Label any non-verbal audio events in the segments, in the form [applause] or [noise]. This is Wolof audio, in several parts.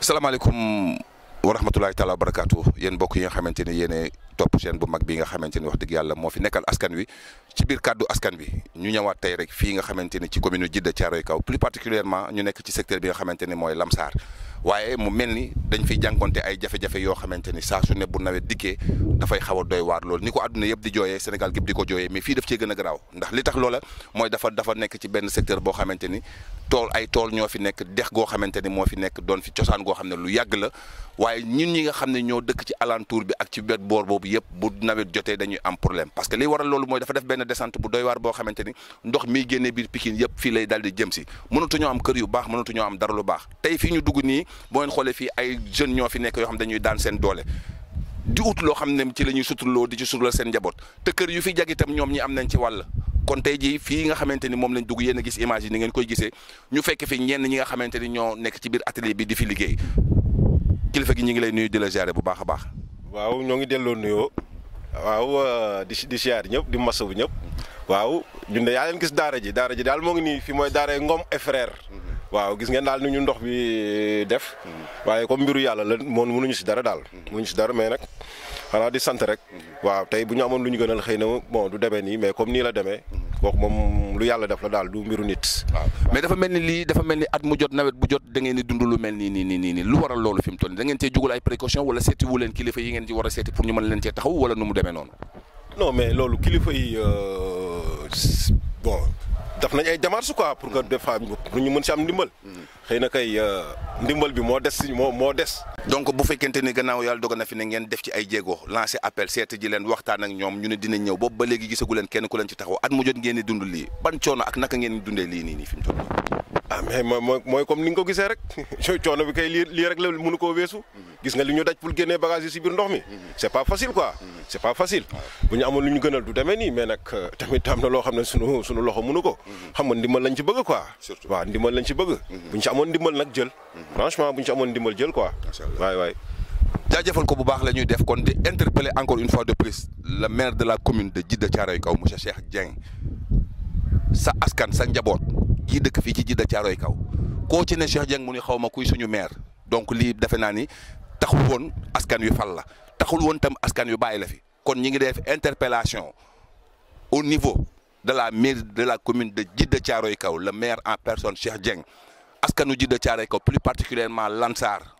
salaamaaleykum wa rahmatulahi taala wa barakaatu yéen mbokk yi nga xamante ni yéene topp chaîne bu mag bi nga xamante ni wax dëgg yàlla moo fi nekkal askan wi ci biir kàddu askan wi ñu ñëwaat tey rek fii nga xamante ni ci commune Djiddah Thiaroye Kaw plus particulièrement ñu nekk ci secteur bi nga xamante ni mooy Lamsar waaye mu mel ni dañ fiy jànkonte ay jafe-jafe yoo xamante ni saa su ne bu nawet dikkee dafay xaw a doy waar loolu ni ko àdduna yëpp di jooyee Sénégal gépp di ko jooyee mais fii daf cee gën a garaaw ndax li tax loola mooy dafa dafa nekk ci benn secteur boo xamante ni tool ay tool ñoo fi nekk dex goo xamante ni moo fi nekk doon fi cosaan goo xam ne lu yàgg la waaye ñun ñi nga xam ne ñoo dëkk ci alentour bi ak ci wet boor boobu yëpp bu nawet jotee dañuy am problème parce que li waral loolu mooy dafa def benn descente bu doy waar boo xamante ni ndox miy génnee biir Pikine yëpp fii lay daal jëm si mënatuñoo am kër yu baax mënatuñoo am dara lu tey fii ñu dugg nii boo leen xoolee fii ay jeunes ñoo fi nekk yoo xam dañuy daan seen doole di ut loo xam ne ci la ñuy loo di ci suturloo seen njaboot te kër yu fi jag itam ñoom ñi am nañ ci wàll kon tey jii fii nga xamante ni moom lañ dugg yéen a gis image yi ni ngeen koy gisee ñu fekk fi ñenn ñi nga xamante ni ñoo nekk ci biir atelier bi di fi liggéey kilifa gi ñu ngi lay nuyu di la ziare bu baax a baax. waaw ñoo ngi delloo nuyoo waaw euh, di di ziare ñëpp di masawu ñëpp waaw ñun de yaa leen gis daara daara ji daal moo ngi nii fii mooy daara Ngom et frère waaw gis ngeen daal na ñu ndox bi def waaye comme mbiru yàlla la moom ñu si dara daal mënuñu si dara mais nag xanaa di sant rek waaw tey bu ñu amoon lu ñu gënal xëy na bon du demee nii mais comme nii la demee kooku moom lu yàlla def la daal du mbiru nit waaw mais dafa mel ni lii dafa mel ni at mu jot nawet bu jot da ngeen di dund lu mel nii nii nii nii lu waral loolu fi mu toll nii da ngeen cee jugul ay précaution wala seeti wu leen kilifa yi ngeen ci war a seeti pour ñu mën leen cee mais loolu kilifa yi euh, daf nañ ay démarches quoi pour que des fois pour ñu mën si am ndimbal. xëy na kay euh, ndimbal bi moo des si moo moo des. donc bu fekkente ni gannaaw yàlla dogal na fi ne ngeen def ci ay jéego lancé appel seeti ji leen waxtaan ak ñoom ñu ne dina ñëw boobu ba léegi gisagu leen kenn ku leen ci taxaw at mu jot ngeen di dund li ban coono ak naka ngeen di dundee lii nii nii fi mu ah mais mooy mooy comme ni nga ko gisee rek [laughs] coono bi kay lii lii rek la mënu koo weesu. gis nga li ñu daj pour génnee bagage yi si biir ndox mi. c'est pas facile quoi. c'est pas facile. bu ñu amoon lu ñu gënal du demee nii mais nag euh, tamit am na loo xam ne sunu sunu loxo mënu ko. xam nga ndimbal lañ ci bëgg quoi. surtout waaw ndimbal lañ ci bëgg. Mhm. bu ñu amoon ndimbal nag jël. Mhm. franchement bu ñu amoon ndimbal jël ko macha allah waay ko bu baax la ñuy def kon di interpeller encore une fois de plus le de la commune de Djiddah Thiaroye Kaw monsieur Cheikh Dieng sa askan sa njaboot yi dëkk fii ci jidd Caaroy kaw koo ci ne Cheikh Dieng mu ni xaw ma kuy suñu maire donc lii defe naa ni taxul woon askan wi fal la taxul woon tam askan wi bàyyi la fi kon ñi ngi def interpellation au niveau de la mairie de la commune de Jidda Caaroy kaw le maire en personne Cheikh Dieng askanu Jidda Caaroy kaw plus particulièrement Lansar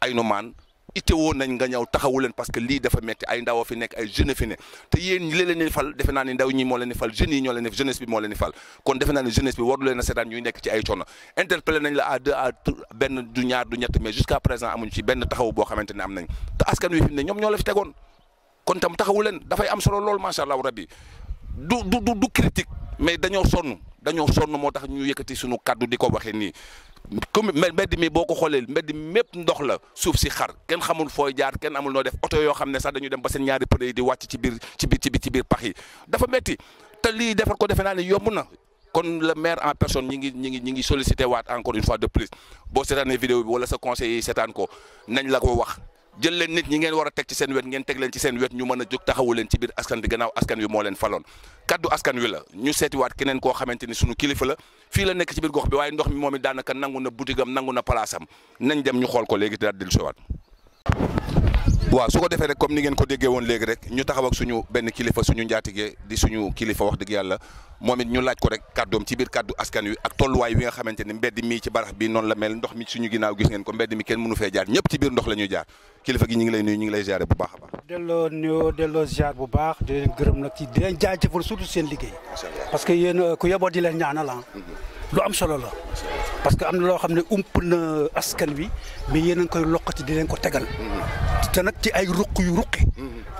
Aynoumane ite woo nañ nga ñëw taxawu leen parce que lii dafa metti ay ndaw fi nekk ay jeunes fi ne te yéen ñi leen di fal defe naa ni ndaw ñi moo leen di fal jeunes yi ñoo leen di jeunesse bi moo leen fal kon defe naa ni jeunesse bi a seetaan ñuy nekk ci ay coono interpellé nañ la à deux à benn du ñaar du ñett mais jusqu'à présent amuñ ci benn taxaw boo xamante ne am nañ te askan wi fi mu ne ñoom ñoo la fi tegoon kon tam taxawu leen dafay am solo lool macha allah rabbi du du du critique mais dañoo dañoo sonn moo tax ñu yëkkati suñu kàddu di ko waxee nii comme mbedd mi boo ko xoolee mbedd mi mépp ndox la suuf si xar kenn xamul fooy jaar kenn amul noo def oto yoo xam ne sax dañu dem ba seen ñaari pneu yi di wàcc ci biir ci biir ci biir ci biir pax yi dafa metti te lii defar ko defe naa ne yomb na kon le maire en personne ñi ngi ñi ngi ñi ngi sollicité waat encore une fois de plus boo seetaanee vidéo bi wala sa conseil yi seetaan ko nañ la ko wax jël leen nit ñi ngeen war a teg ci seen wet ngeen teg leen ci seen wet ñu mën a jóg taxawu leen ci biir askan bi gannaaw askan wi moo leen faloon kaddu askan wi la ñu seetiwaat keneen koo xamante ni sunu kilifa la fii la nekk ci biir gox bi waaye ndox mi moom it daanaka nangu na butigam nangu na palaasam nañ dem ñu xool ko léegi daal di dellusiwaat waaw su ko defee rek comme ni ngeen ko déggee woon léegi rek ñu taxaw ak suñu benn kilifa suñu njaatige di suñu kilifa wax dëgg yàlla moom it ñu laaj ko rek kàddoom ci biir kàddu askan wi ak tolluwaay wi nga xamante ni mbedd mii ci barax bi noonu la mel ndox mi suñu ginnaaw gis ngeen ko mbedd mi kenn mënu fee jaar ñëpp ci biir ndox la jaar kilifa gi ñu ngi lay nuyu ñu ngi lay ziare bu baax a baax delloo nuyoo delloo bu baax di leen gërëm nag ci di leen jaajëfal surtout seen liggéey parce que yéen ku yeboo di leen ah, mhm. am solo la parce que am loo xam ne ump na askan wi mais yéen a koy loqati di leen ko tegal mhm. te nag ci ay ruq yu ruqi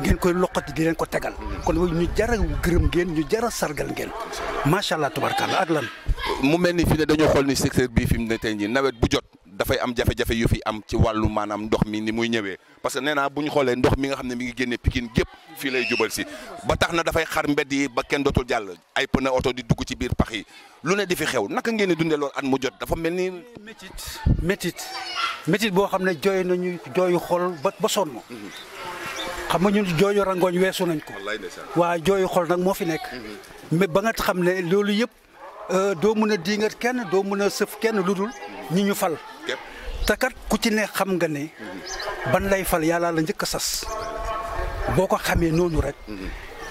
ngeen koy loqati di leen ko tegal kon ñu jara gërëm ngeen ñu jara sargal ngeen macha allah tubarkalla ak lan mu mel ni fi ne dañoo xool ni secteur bii fi mu ne tey jii nawet bu jot dafay am jafe-jafe yu fi am ci wàllu maanaam ndox mi ni muy ñëwee parce que nee naa bu ñu xoolee ndox mi nga xam ne mi ngi génne Pikine gépp fii lay jubal si ba tax na dafay xar mbedd yi ba kenn dootul jàll ay pneu oto di dugg ci biir pax yi lu ne di fi xew naka ngeen di dundee mu jot dafa mel ni. métit métit métit boo xam ne jooy nañu jooyu xol ba ba sonn. Mhm. xam nga ñun jooyu rangooñ nañ ko. waa jooyu xol nag moo fi nekk. mais mhm. ba nga xam ne loolu yëpp euh, doo mën a diingat kenn doo mën a sëf kenn ludul ñi ñu fal. te kat ku ci ne xam nga ne ban lay fal yàlla la njëkk a sas boo ko xamee noonu rek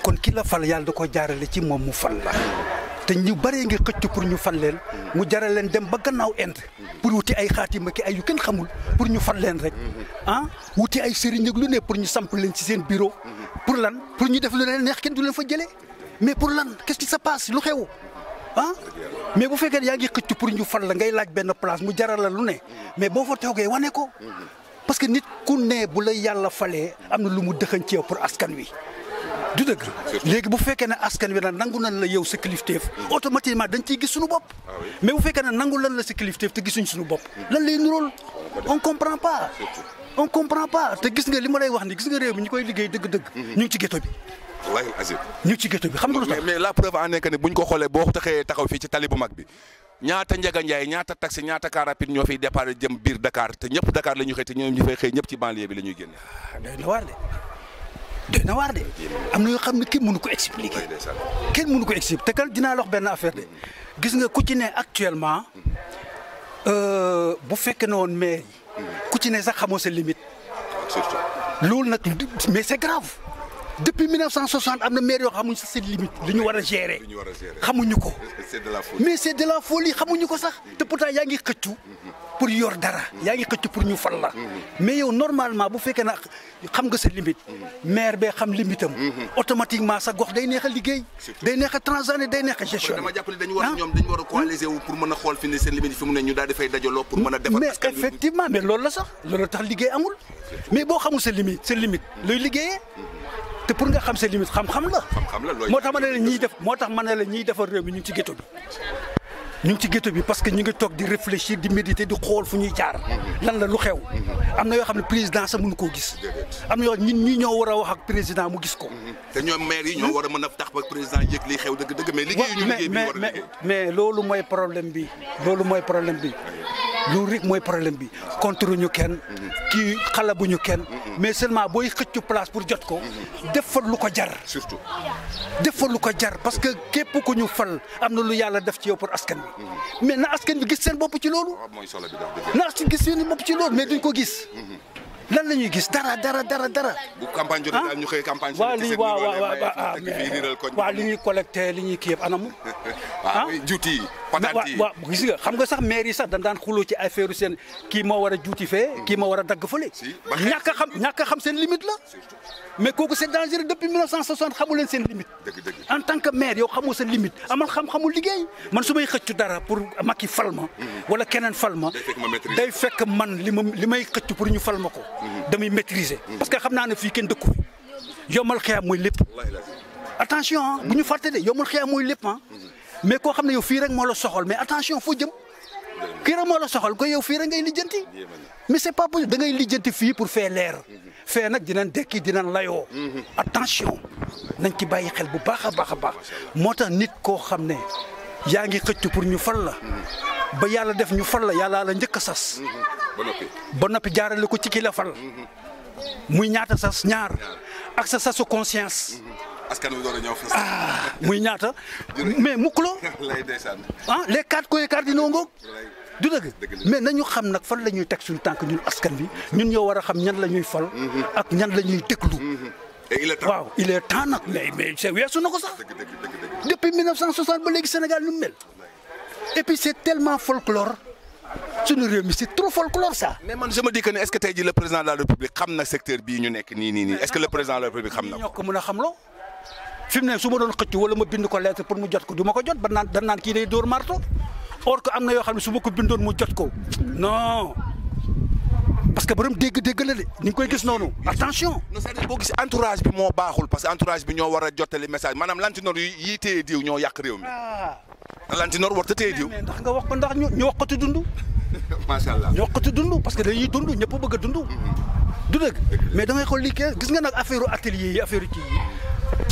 kon kii la fal yàlla da ko jaarale ci moom mu fal la te ñu bëree ngi xëcc pour ñu fal leen mu jaral leen dem ba gannaaw inde pour wuti ay xaatima ki ay yu kenn xamul pour ñu fal leen rek ah wuti ay sëriñ ak lu ne pour ñu samp leen ci seen bureau pour lan pour ñu def lu leen neex kenn du leen fa jëlee mais pour lan qu'est-ce qui se lu xew ah mais bu fekkee yaa ngi xëcc pour ñu fal la ngay laaj benn place mu jaral lu ne mais boo fa toogee wane ko parce que nit ku ne bu la yàlla falee am na lu mu dëxañ ci yow pour askan wi du dëgg léegi bu fekkee ne askan wi nag nangu nañ la yow sa kilifteef automatiquement dañ ciy gis suñu bopp ah mais bu fekkee ne nangu lan la sa kilifteef te gisuñ suñu bopp lan lay nurool on comprend pas on comprend pas te gis nga li ma lay wax ni gis nga réew mi ñu koy liggéey dëgg-dëgg mm-hmm. ñu ngi ci ghetto wallahi azim ñu ci xam nga lu tax mais la preuve en est que ne buñ ko xoolee boo xee taxaw fii ci tali bu mag bi ñaata Ndiaga Ndiaye ñaata taxi ñaata car rapide ñoo fiy départ jëm biir Dakar te ñëpp Dakar la ñuy xëy te ñoom ñu fay xëy ñëpp ci banlieue bi la ñuy génne. Ah, doy na waar de doy na waar de am na yoo xam ne kenn mënu ko expliquer kenn mënu ko expliquer te kan dinaa lox benn affaire de gis nga ku ci ne actuellement mm. euh, bu fekkee ne woon mais yi mm. ku ci ne sax xamoo sa limite. surtout loolu nag mais c'est grave. depuis 1960 am na maire yoo xamuñ sax seen limite li ñu war a gérer xamuñu ko [laughs] mais c'est la folie xamuñu ko sax te yaa ngi xëccu pour yor dara yaa ngi xëccu pour ñu fal la mm-hmm. mais yow normalement bu fekkee na xam nga sa limite mm-hmm. maire bee xam limite am mm-hmm. automatiquement sa gox day neex a liggéey day neex a transane day neex a gestion a ah? ñoom dañu war a coaliser wu pour a xool fi ne seen limite fi mu mais effectivement la sax loolu tax liggéey amul mais boo xamul sa limite sa limite looy liggéeyee te pour nga xam sa limite xam-xam la. xam-xam la moo tax ma la ñiy def moo tax ma ne la ñiy defar réew mi ñu ngi ci ghetto bi. ñu ngi ci ghetto bi parce que ñu ngi toog di réfléchir di méditer di xool fu ñuy jaar. lan la lu xew. am na yoo xam ne président sax mënu koo gis. am na yoo ñun ñi ñoo war a wax ak président mu gis ko. Mhm. te ñoom maire yi ñoo war a mën a tax ba président yëg li xew dëgg-dëgg mais liggéey ñu liggéey bi mais mais loolu mooy problème bi loolu mooy problème bi. loolu rek mooy problème bi contre ñu kenn ki xala kenn mais seulement booy xëccu place pour jot ko def lu ko jar surtout def fa lu ko jar parce que képp ku ñu fal am na lu yàlla def ci yow pour askan bi mais na askan bi gis seen bopp ci loolu ah, na askan gis seen bopp ci loolu mais duñ ko gis lan la ñuy gis dara dara dara dara. bu campagne jotee ñu xëy campagne. Ah? waaw lii waaw waaw waaw li ñuy collecté li ñuy kii anam anamu. ah, ah? juuti yi patati yi waaw gis nga xam nga sax maire yi sax dañ daan xuloo ci affaire seen kii moo war a juuti fee. Hmm. kii moo war a dagg fële. ñàkk a xam ñàkk a xam seen limite la. mais kooku c'est dangereux depuis 1960 xamu leen seen limite. en tant que maire yow xamoo sa limite amal xam-xamu liggéey man su may xëccu dara pour Macky fal ma. Hmm. wala keneen fal ma. day fekk man li ma li may xëccu pour ñu fal ma ko damay maîtriser parce que xam naa ne fii kenn dëkku fi yombal xiyaam mooy lépp attention bu ñu fàtte de yombal xiyaam mooy lépp ah mais koo xam ne yow fii rek moo la soxal mais attention foo jëm kii rek moo la soxal ko yow fii rek ngay lijjanti mais c'est pas possible da ngay lijjanti fii pour fee leer fee nag dinañ dekki dinañ layoo attention nañ ci bàyyi xel bu baax a baax a baax moo tax nit koo xam ne yaa ngi xëcc pour ñu fal la ba yàlla def ñu fal la yàllaa la njëkk a sas. Mm-hmm. ba noppi ba noppi jaarale ko ci ki la fal. Mm-hmm. muy ñaata sas ñaar ak sa sasu conscience. Mm-hmm. askan wi door a ah, muy ñaata. mais mukk loo. lay ndeysaan. ah les quatre coins cardinaux ngoog. du dëgg mais nañu xam nag fan la ñuy teg suñu tànk ñun askan bi ñun ñoo war a xam ñan la ñuy fal. ak ñan lañuy ñuy déglu. waaw il est temps nag mais mais weesu na ko sax. depuis 1960 ba léegi Sénégal nu mu mel. et puis c' est tellement folklore suñu réew mi c' trop folklore ça. mais man je me dis que ne est ce que tey jii le président de la république xam na secteur bii ñu nekk ni nii nii est ce que le président de la république xam na ko. ñoo ko mën a xamloo fi mu ne su ma doon xëcc wala ma bind ko lettre pour mu jot ko du ma ko jot ba naan da naan kii day marto or que am na yoo xam ne su ma ko bindoon mu jot ko non. parce que borom dégg-dégg la de ni ngi koy gis noonu attention. non c'est-à-dire boo gis entourage bi moo baaxul parce war a jottali message maanaam lantinoor yi diw ñoo yàq réew mi. Ah. Lantinoor war ta diw. ndax nga wax ko ndax ñu ñu ko ci dund. [laughs] macha allah ñu wax ko dund parce que dañuy dundu ñëpp bëgg a dund. Mm-hmm. du dëgg mais da ngay xool lii gis nga nag affaire atelier yi affaire kii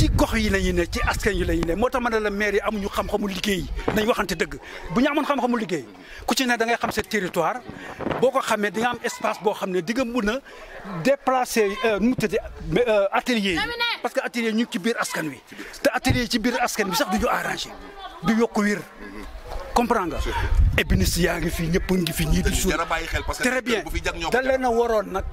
ci gox yi la ne ci askan yi la ne moo tax ma ne la maire yi amuñu xam-xamu liggéey nañ waxante dëgg bu ñu xam-xamu liggéey ku ci ne da ngay xam sa territoire boo ko xamee di nga am espace boo xam ne di nga mun a déplacer euh, nu mu tëddee euh, atelier yi parce que atelier ñu ngi ci biir askan wi te atelier ci biir askan bi sax du ñu arrangé du yokk wér comprend nga mm-hmm. ébéniste yaa ngi fi ñëpp ngi fi ñii di suuf très bien da leen a waroon nag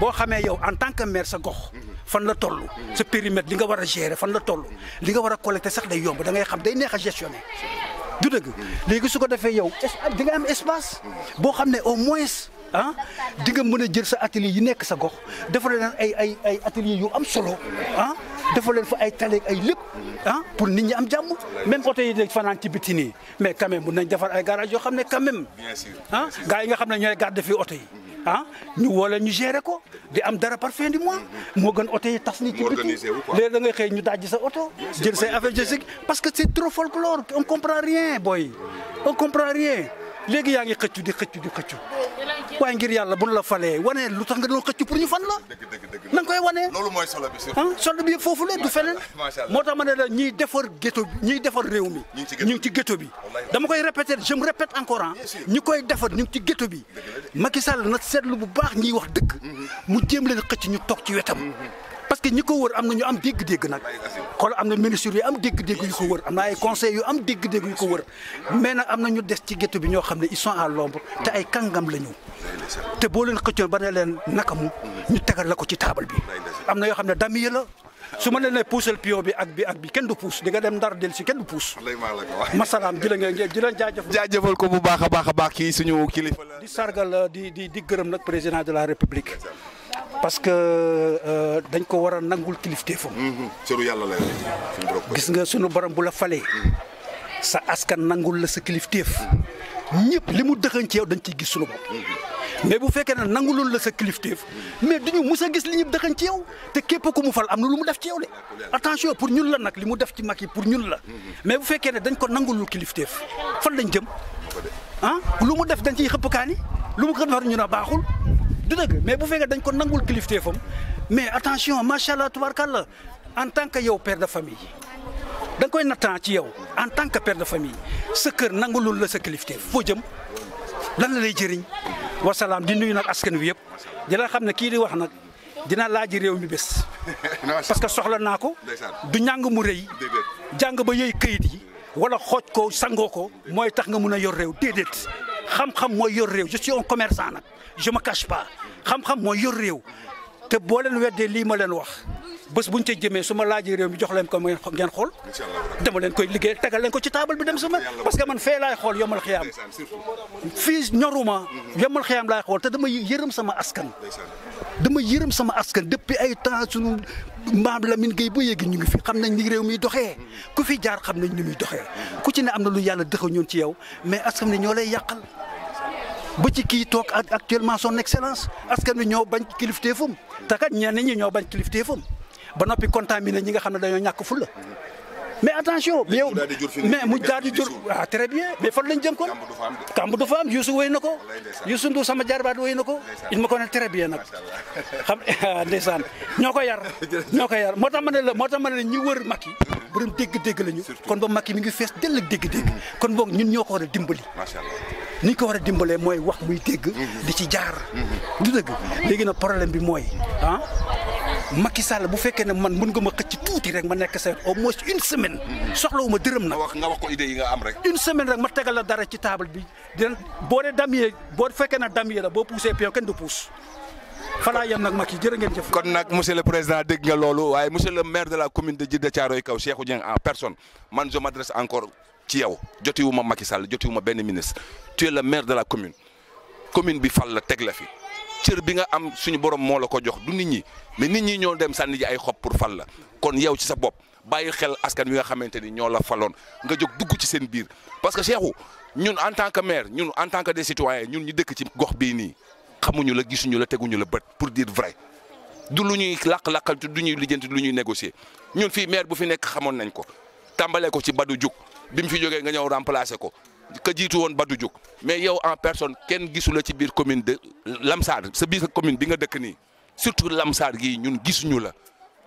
boo xamee yow en tant que maire sa gox fan la toll sa périmètre li nga war a gérer fan la toll li nga war a collecter sax day yomb dangay xam day neex a gestionner du dëgg léegi su ko defee yow di nga am espace boo xam ne au moins ah di nga mën a jël sa atelier yi nekk sa gox defal leen ay ay ay atelier yu am solo ah defal leen fa ay taleeg ay lépp ah pour nit ñi am jàmm même oto yi nekk fanaan ci biti nii mais quand même mën nañ defar ay garage yoo xam ne quand même ah yi nga xam ne ñooy garde fi oto yi ah ñu wala ñu gérer ko di am dara par fin du mois moo gën oto yi tas ni ci biti léegi da ngay xëy ñu dajji sa oto jël say affaire jël parce que c'est trop folklore on comprend rien boy on comprend rien léegi yaa ngi xëccu di xëccu di xëccu waaye ngir yàlla buñ la falee wane lu tax nga doon xëcc pour ñu fan la. na nga koy wane. loolu mooy solo bi surtout. Ah, solo bi yëpp foofu la du feneen. moo tax ma ne la ñiy defar ghetto bi ñiy defar réew mi. ñu ngi ci ghetto bi dama koy répété je me encore ah. ñi koy defar ñu ngi ci ghetto bi. Macky Sall na seetlu bu baax ñiy wax dëgg. Mm-hmm. mu jéem leen xëcc ñu toog ci wetam. Mm-hmm. parce que ñi ko wër am na ñu am dégg-dégg nag xool am na ministre yu am dégg-dégg ko wër am na ay conseil yu am dégg-dégg yu ko wër mais nag am na ñu des ci géttu bi ñoo xam ne ils sont à te ay kàngam la ñu te boo leen xëccoon ba ne leen naka mu ñu tegal la ko ci taabal bi am na yoo xam ne dami yi la su ma leen ne puusal pion bi ak bi ak bi kenn du puus di nga dem ndar del si kenn du puus masalaam jëla nga ngeen jëla jaajëf jaajëfal ko bu baax a baax a baax kii suñu kilifa la di sargal di di di gërëm nag président de la république parce que euh, dañ ko war a nangul kilifteefam. sëru mhm. yàlla gis nga sunu borom bu la falee. Mhm. sa askan nangul la sa kilifteef. Mhm. ñëpp li mu dëxañ ci yow dañ ci gis sunu bopp. mais bu fekkee ne nanguloon la sa kilifteef mais duñu mus a gis li ñu dëxañ ci yow te képp ku mu fal am na lu mu def ci yow de attention pour ñun la nag li mu def ci mag yi pour ñun la mais bu fekkee ne dañ ko nangulul kilifteef fan lañ jëm ah lu mu def dañ ci xëpp kaani lu mu xëpp ñun a baaxul. du dëgg mais bu fekkee dañ ko nangul kilifteefam mais attention macha allah la en tant que yow pere de famille da nga koy nattaan ci yow en tant que père de famille sa kër nangulul la sa kilifteef foo jëm lan la lay jëriñ wasalaam di nuyu nag askan wi yëpp dina xam ne kii di wax nag dina laaji réew mi bés. [laughs] parce que soxla naa ko. du ñàng mu rëy. jàng ba yëy këyit yi. wala xooj ko sangoo ko mooy tax nga mun a yor réew déedéet. xam-xam mooy yor réew je on un nag je me cache pas xam-xam mooy yor réew te boo leen weddee lii ma leen wax bés buñ ca jëmee su ma laajee réew mi jox leen ko ngeen xool dama leen koy liggéey tegal leen ko ci taabal bi dem sama parce que man fee laay xool yomal xiyaam fii ñoruma mm-hmm. yomal xiyaam laay xool te dama yërëm sama askan dama yërëm sama askan depuis ay temps sunu maam Lamine Gueye ba yéegi ñu ngi fi xam nañ ni réew miy doxee ku fi jaar xam nañu ni muy doxee ku ci ne am na lu yàlla dëxaw ñoon ci yow mais askan ne ñoo lay yàqal ba ci kii toog actuellement son excellence askan wi ñoo bañ kilifteefam te kat ñenn ñi ñoo bañ kilifteefam ba noppi contaminé ñi nga xam ne dañoo ñàkk fulla mais attention. yow mais mu daal di jur ah très bien mais fan lañ jëm kon. kàmb du fa am Youssou na ko. Youssou Ndour sama jaarbaat wéy na ko. il me connaît très bien nag. xam ah, ñoo ko yar. [laughs] ñoo ko yar moo tax ma ne la moo tax ma ne la ñu wër Macky. borom dégg-dégg lañu. kon ba Macky mi ngi fees dell ak dégg mm. kon boo ñun ñoo ko war a dimbali. macha allah ni ko war a dimbalee mooy wax muy dégg. Mm-hmm. di ci jaar. Mm-hmm. du dëgg mm-hmm. léegi nag problème bi mooy ah. Macky Sall bu fekkee ne man mun nga ma xëcc tuuti rek ma nekk sa au moins une semaine. soxlawuma dërëm na. nga wax nga wax ko idée yi nga am rek. une semaine rek ma tegal la dara ci table bi dinañ boo dee damier boo fekkee na damier la boo poussé pion kenn du pousse. falaa yem nag Macky jërë ngeen jëf. kon nag monsieur le président dégg nga loolu waaye monsieur le maire de la commune de Djiddah Thiaroye Kao Cheikhou Dieng en personne man je m'adresse encore ci yow jotiwuma Macky Sall jotiwuma benn ministre tu es maire de la commune commune bi fal la teg la fi. cër bi nga am suñu borom moo la ko jox du nit ñi mais nit ñi ñoo dem sànni ji ay xob pour fal la kon yow ci sa bopp bàyyi xel askan wi nga xamante ni ñoo la faloon nga jóg dugg ci seen biir parce que Cheikhou ñun en tant que maire ñun en tant que des citoyens ñun ñu dëkk ci gox bii nii xamuñu la gisuñu la teguñu la bët pour dire vrai du lu ñuy làq-làqantu du ñuy lijjanti lu ñuy négocier ñun fii maire bu fi nekk xamoon nañ ko tàmbalee ko ci Badou jug bi mu fi jógee nga ñëw remplacer ko ka jiitu woon ba du jóg mais yow en personne kenn gisula ci biir commune de Lamsar sa biir commune bi nga dëkk nii surtout Lamsar gii ñun gisuñu la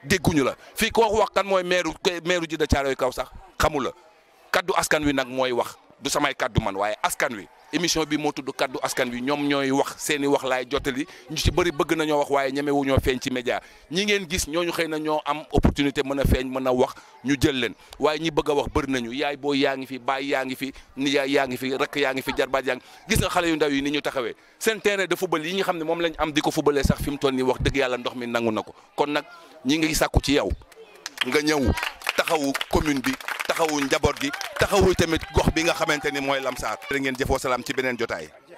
dégguñu la fii ko wax kan mooy maire maire ji de Thiaroye Kaw sax xamu la kaddu askan wi nag mooy wax du samay kaddu man waaye askan wi. émission bi moo tudd kaddu askan wi ñoom ñooy wax seen i wax laay jottali ñu ci bëri bëgg nañoo wax waaye ñeme wu ñoo feeñ ci média ñi ngeen gis ñooñu xëy na am opportunité mën a feeñ mën a wax ñu jël leen waaye ñi bëgg wax bëri nañu yaay booy yaa ngi fi baay yaa ngi fi nijaay yaa ngi fi rakk yaa ngi fi jarbaat yaa ngi gis nga xale yu ndaw yi ni ñu taxawee seen terrain de football yi ñu xam ne moom lañ am di ko footballee sax fi mu toll nii wax dëgg yàlla ndox mi nangu na ko kon nag ñi ngi sàkku ci yow nga ñëw taxawu commune bi taxawu njaboot gi taxawu tamit gox bi nga xamante ni mooy Lamsaar. ngeen jëfoo salaam ci beneen jotaay.